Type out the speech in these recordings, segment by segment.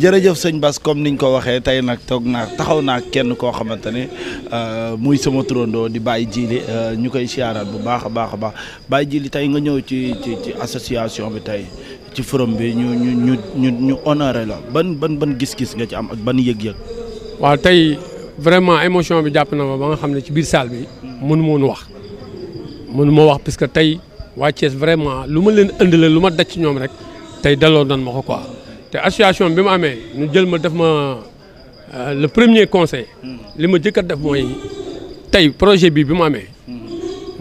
jërëjëf sëñ Bass comme niñ ko waxee tey nag toog naa taxaw naa kenn koo xamante ne euh, muy sama turandoo di Baye Djily euh, ñu koy siyaaraat bu baax a baax a baax Baye Djily tey nga ñëw ci ci ci association bi tey ci forum bi ñu ñu ñu ñu ñu honoré la ban ban ban gis-gis nga ci am ak ban yëg-yëg. waaw tey vraiment émotion bi jàpp na ma ba nga xam ne ci biir salle bi mënu ma woon wax mënu wax parce que tey waa Thiès lu ma leen ëndalee lu ma daj ci ñoom rek tey delloo doon ma ko quoi. te association bi mu amee ñu jël ma def ma euh, le premier conseil. Hmm. li ma jëkkat def mooy tey projet bi bi mu amee. Hmm.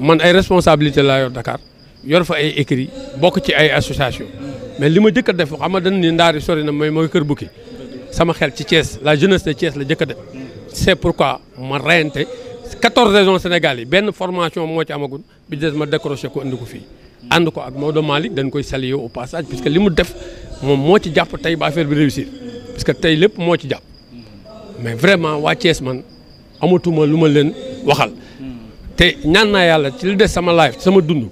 man ay responsabilité laa yor Dakar yor fa ay écrits bokk ci ay association hmm. mais li ma jëkk def xam nga dañ ni ndaari sori na mooy mooy kër bukki sama xel ci Thiès la jeunesse de Thiès la jëkk a def c'est pourquoi ma reyante 14 régions Sénégal yi benn formation moo ci amagul bi des ma décroché ko indi ko fii ànd ko ak Maodo Malick dañ koy saluer au passage puisque li mu def moom moo ci jàpp tey ba affaire bi réussir parce que tey lépp moo ci jàpp mais vraiment waa Thiès man amatuma lu ma leen waxal te ñaan naa yàlla ci li des sama life sama dund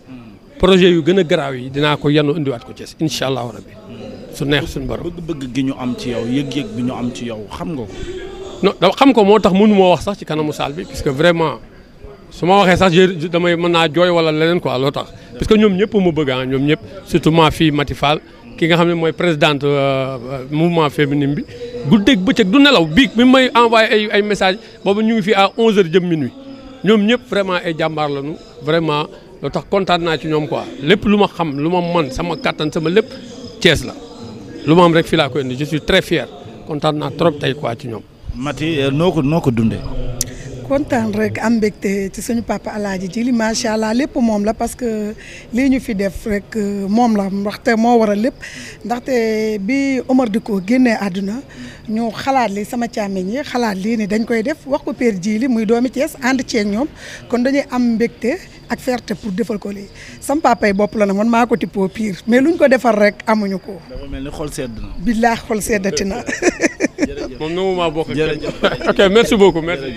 projet yu gën a garaaw yi dinaa ko yanu indiwaat ko Thiès incha allahu rabbi su neex suñu borom bëgg-bëgg gi ñu am ci yow yëg-yëg bi ñu am ci yow xam nga ko. non da xam ko moo tax mënu moo wax sax ci kanamu saal bi parce que vraiment su ma waxee sax damay mën naa jooy wala leneen quoi loo tax que ñoom ñëpp ma bëgg ah ñoom ñëpp surtout maa fii Mati ki nga xam ne mooy présidente euh, euh, mouvement féminine bi guddeeg bëccëg du nelaw biig bi may envoyé ay ay message boobu ñu ngi fi a 11h jëm minuit ñoom ñëpp vraiment ay jàmbaar lañu vraiment loo tax kontaan naa ci ñoom quoi lépp lu ma xam lu ma mën sama kattan sama lépp Thiès la lu ma am rek fii laa ko indi je suis très fier kontaan naa trop tey quoi ci ñoom. Mati euh, noo ko noo ko dundee. kontaan rek am mbégte ci suñu papa alaaji ji li macha allah lépp moom la parce que lii ñu fi def rek euh, moom la ndaxte moo waral lépp ndaxte bi Omar Diko génnee àdduna ñu xalaat li sama càmmiñ yi xalaat lii ni dañ koy def wax ko père jii li muy doomi Thiès ànd ceeg ñoom kon dañuy am mbégte ak fierté pour defal ko lii sama papa yi bopp la na man maa ko tippoo pire mais luñ ko defar rek amuñu ko. dafa mel billaa xol seddati na. merci beaucoup